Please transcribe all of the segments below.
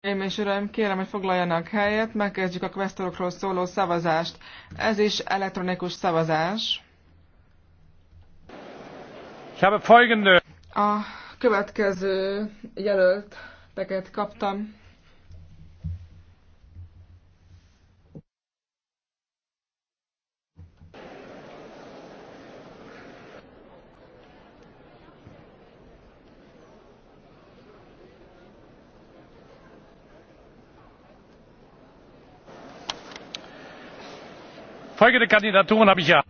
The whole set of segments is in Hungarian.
Én és uraim, kérem, hogy foglaljanak helyet, megkezdjük a kvesztorokról szóló szavazást. Ez is elektronikus szavazás. A következő jelölteket kaptam. Folgende Kandidaturen habe ich ja.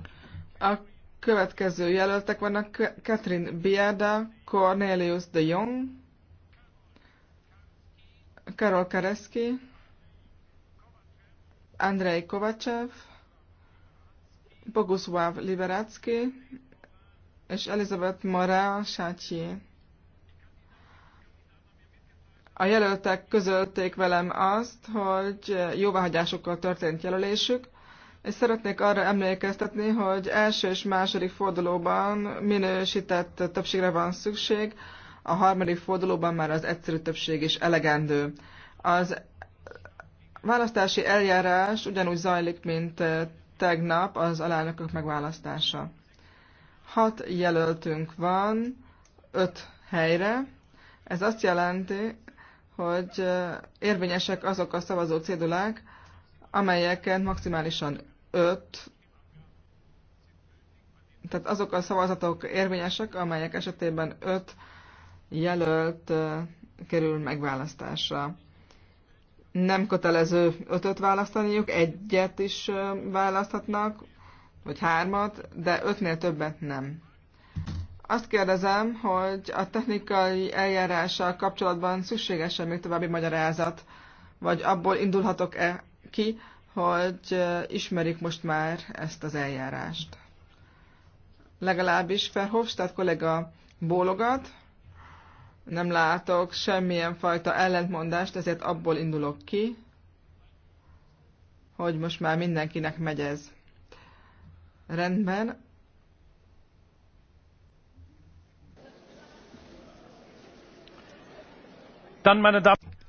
A következő jelöltek vannak Catherine Biada, Cornelius de Jong, Karol Kareski, Andrei Kovacev, Bogusław Liberacki és Elizabeth Mara Sácsi. A jelöltek közölték velem azt, hogy jóváhagyásokkal történt jelölésük, és szeretnék arra emlékeztetni, hogy első és második fordulóban minősített többségre van szükség, a harmadik fordulóban már az egyszerű többség is elegendő. Az választási eljárás ugyanúgy zajlik, mint tegnap az alelnökök megválasztása. Hat jelöltünk van, öt helyre. Ez azt jelenti, hogy érvényesek azok a szavazó cédulák, amelyeken maximálisan tehát azok a szavazatok érvényesek, amelyek esetében 5 jelölt kerül megválasztásra. Nem kötelező ötöt választaniuk, egyet is választhatnak, vagy hármat, de ötnél többet nem. Azt kérdezem, hogy a technikai eljárással kapcsolatban szükséges-e még további magyarázat, vagy abból indulhatok-e ki, hogy ismerik most már ezt az eljárást. Legalábbis Verhofstadt kollega bólogat, nem látok semmilyen fajta ellentmondást, ezért abból indulok ki, hogy most már mindenkinek megy ez. Rendben.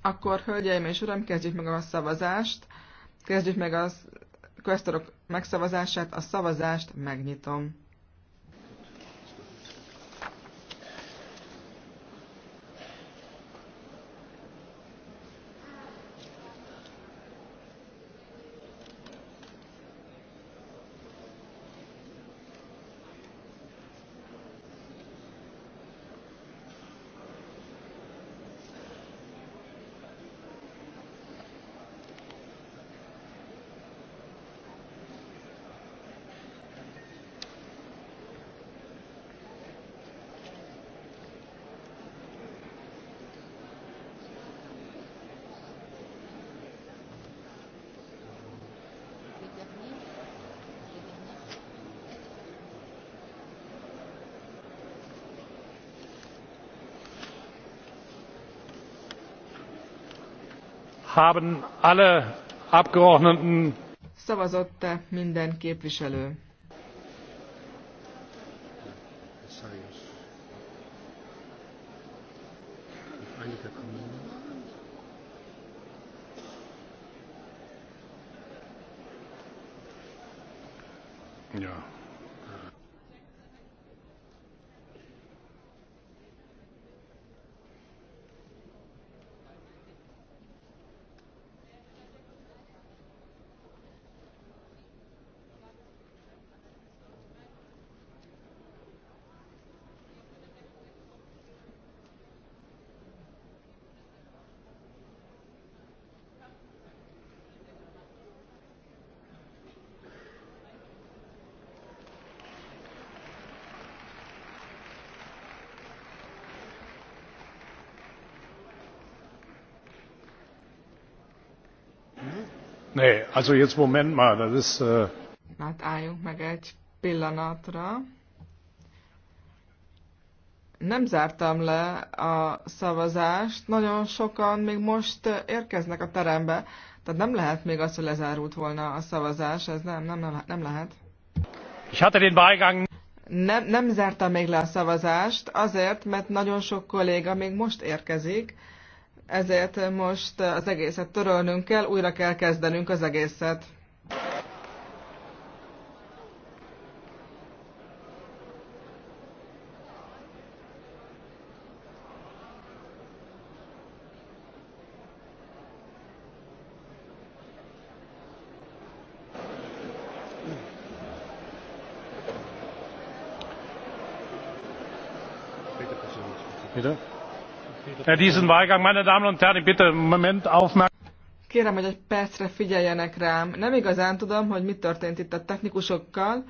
Akkor, hölgyeim és uram, kezdjük meg a szavazást. Kezdjük meg az köztorok megszavazását, a szavazást megnyitom. haben alle Abgeordneten szavazott -e minden képviselő? Ja. Ne, also jetzt Moment mal, das ist... Äh, hát álljunk meg egy pillanatra. Nem zártam le a szavazást, nagyon sokan még most érkeznek a terembe, tehát nem lehet még az, hogy lezárult volna a szavazás, ez nem, nem, nem lehet. Ich hatte den Wahlgang nem, nem zártam még le a szavazást, azért, mert nagyon sok kolléga még most érkezik, ezért most az egészet törölnünk kell, újra kell kezdenünk az egészet. Wieder? Äh, diesen Wahlgang. Meine Damen und Herren, bitte Moment aufmerksam. Kérem, hogy egy percre figyeljenek rám. Nem igazán tudom, hogy mi történt itt a technikusokkal,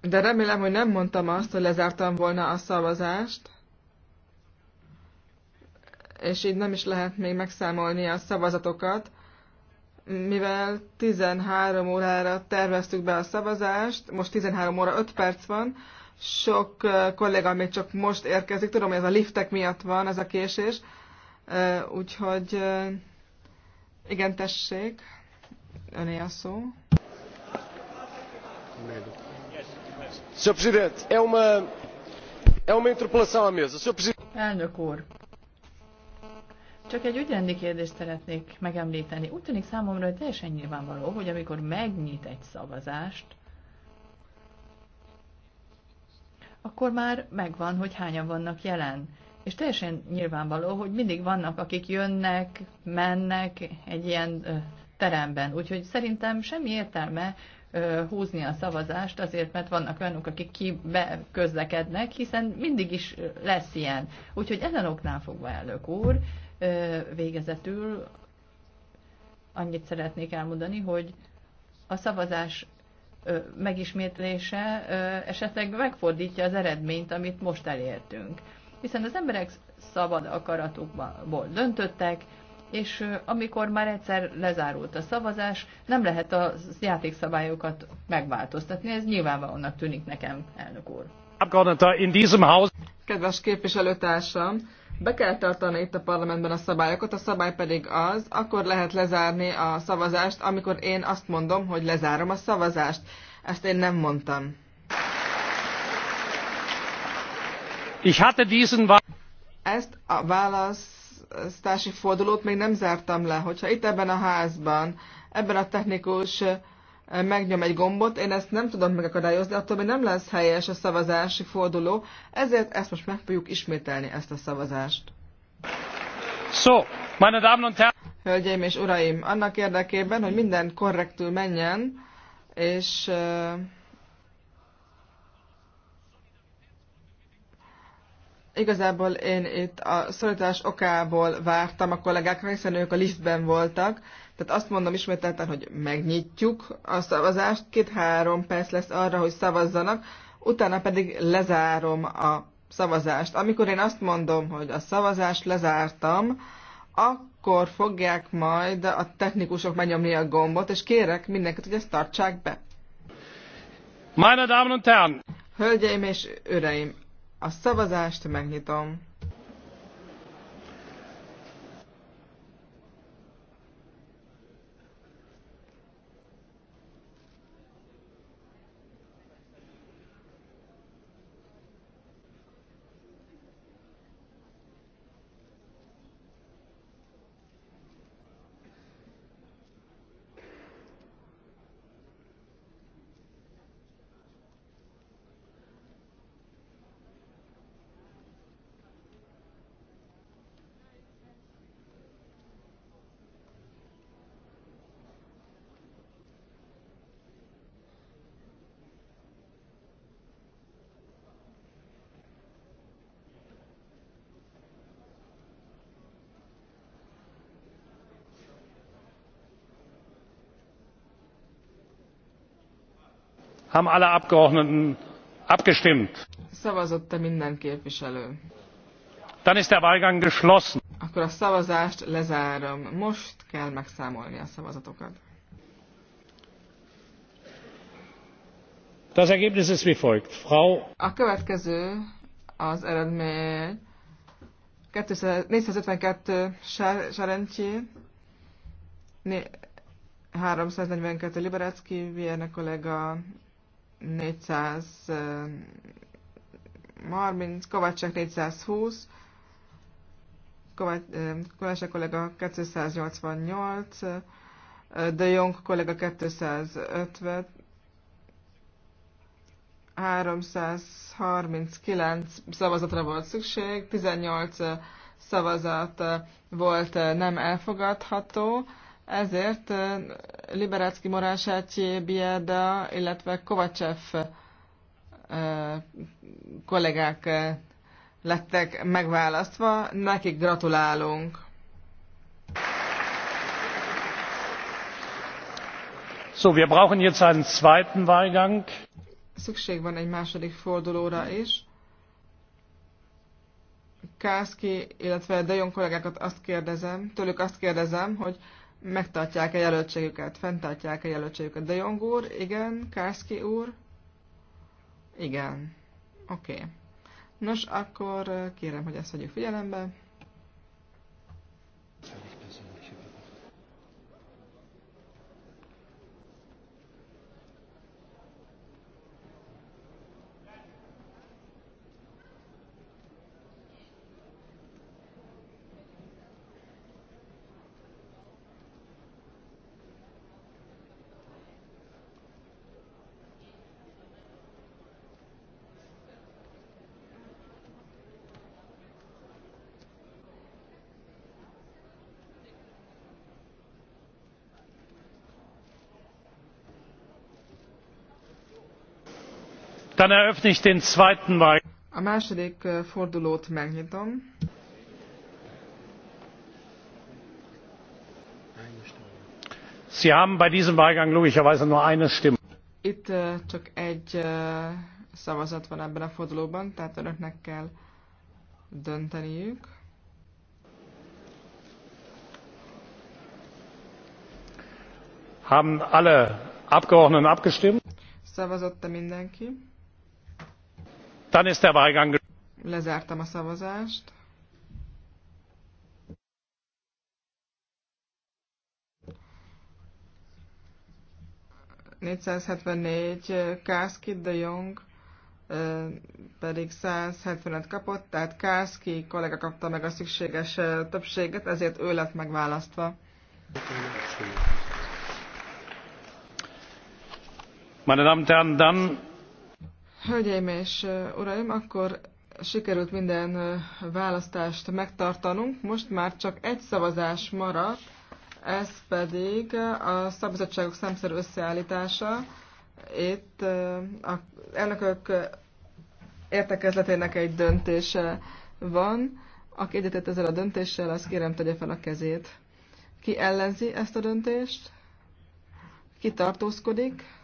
de remélem, hogy nem mondtam azt, hogy lezártam volna a szavazást, és így nem is lehet még megszámolni a szavazatokat mivel 13 órára terveztük be a szavazást, most 13 óra 5 perc van, sok kolléga még csak most érkezik. Tudom, hogy ez a liftek miatt van ez a késés. Úgyhogy igen, tessék. Öné a szó. Sr. Presidente, é uma, é uma interpelação à mesa. Sr. Presidente... Elnök úr, csak egy ügyrendi kérdést szeretnék megemlíteni. Úgy tűnik számomra, hogy teljesen nyilvánvaló, hogy amikor megnyit egy szavazást, akkor már megvan, hogy hányan vannak jelen. És teljesen nyilvánvaló, hogy mindig vannak, akik jönnek, mennek egy ilyen ö, teremben. Úgyhogy szerintem semmi értelme ö, húzni a szavazást, azért, mert vannak olyanok, akik ki közlekednek, hiszen mindig is lesz ilyen. Úgyhogy ezen oknál fogva elnök úr, ö, végezetül annyit szeretnék elmondani, hogy a szavazás megismétlése esetleg megfordítja az eredményt, amit most elértünk. Hiszen az emberek szabad akaratukból döntöttek, és amikor már egyszer lezárult a szavazás, nem lehet a játékszabályokat megváltoztatni. Ez nyilvánvalónak tűnik nekem, elnök úr. Kedves képviselőtársam, be kell tartani itt a parlamentben a szabályokat, a szabály pedig az, akkor lehet lezárni a szavazást, amikor én azt mondom, hogy lezárom a szavazást. Ezt én nem mondtam. Ich hatte diesen Ezt a választási fordulót még nem zártam le. Hogyha itt ebben a házban, ebben a technikus megnyom egy gombot, én ezt nem tudom megakadályozni, attól még nem lesz helyes a szavazási forduló, ezért ezt most meg fogjuk ismételni, ezt a szavazást. So, meine Damen und Herren. Hölgyeim és uraim, annak érdekében, hogy minden korrektül menjen, és uh, igazából én itt a szorítás okából vártam a kollégákra, hiszen ők a liftben voltak, tehát azt mondom ismételten, hogy megnyitjuk a szavazást, két-három perc lesz arra, hogy szavazzanak, utána pedig lezárom a szavazást. Amikor én azt mondom, hogy a szavazást lezártam, akkor fogják majd a technikusok megnyomni a gombot, és kérek mindenkit, hogy ezt tartsák be. Meine Damen und Herren! Hölgyeim és öreim, a szavazást megnyitom. haben alle abgeordneten abgestimmt? szavazott e minden képviselő? dann ist der wahlgang geschlossen. akkor a szavazást lezárom. most kell megszámolni a szavazatokat. Das Ergebnis ist wie folgt. Frau a következő az eredmény 452 Sarenci, 342 Liberecki, Vierna kollega 430, Kovácsek 420, Kovácsek kollega 288, De Jong kollega 250, 339 szavazatra volt szükség, 18 szavazat volt nem elfogadható, ezért Liberácki Morásácsi Bieda, illetve Kovacsev kollégák lettek megválasztva. Nekik gratulálunk! So, wir brauchen jetzt einen zweiten Wahlgang. Szükség van egy második fordulóra is. Kászki, illetve Dejon kollégákat azt kérdezem, tőlük azt kérdezem, hogy megtartják-e jelöltségüket, fenntartják-e jelöltségüket. De Jong úr, igen, Kárszki úr, igen, oké. Okay. Nos, akkor eh, kérem, hogy ezt vegyük figyelembe. Dann eröffne ich den zweiten Wahlgang. A második fordulót megnyitom. Sie haben bei diesem Wahlgang logischerweise nur eine Stimme. Itt csak egy szavazat van ebben a fordulóban, tehát önöknek kell dönteniük. Haben alle Abgeordneten abgestimmt? Szavazott e mindenki? Dann ist der Wahlgang Lezártam a szavazást. ...474 eh, Kászki, de Jong eh, pedig 175 kapott, tehát Kászki kollega kapta meg a szükséges eh, többséget, ezért ő lett megválasztva. Meine Damen und Herren, dann Hölgyeim és uraim, akkor sikerült minden választást megtartanunk, most már csak egy szavazás maradt, ez pedig a szabizottságok szemszerű összeállítása. Itt a elnökök értekezletének egy döntése van. Aki egyetett ezzel a döntéssel, az kérem tegye fel a kezét. Ki ellenzi ezt a döntést? Ki tartózkodik?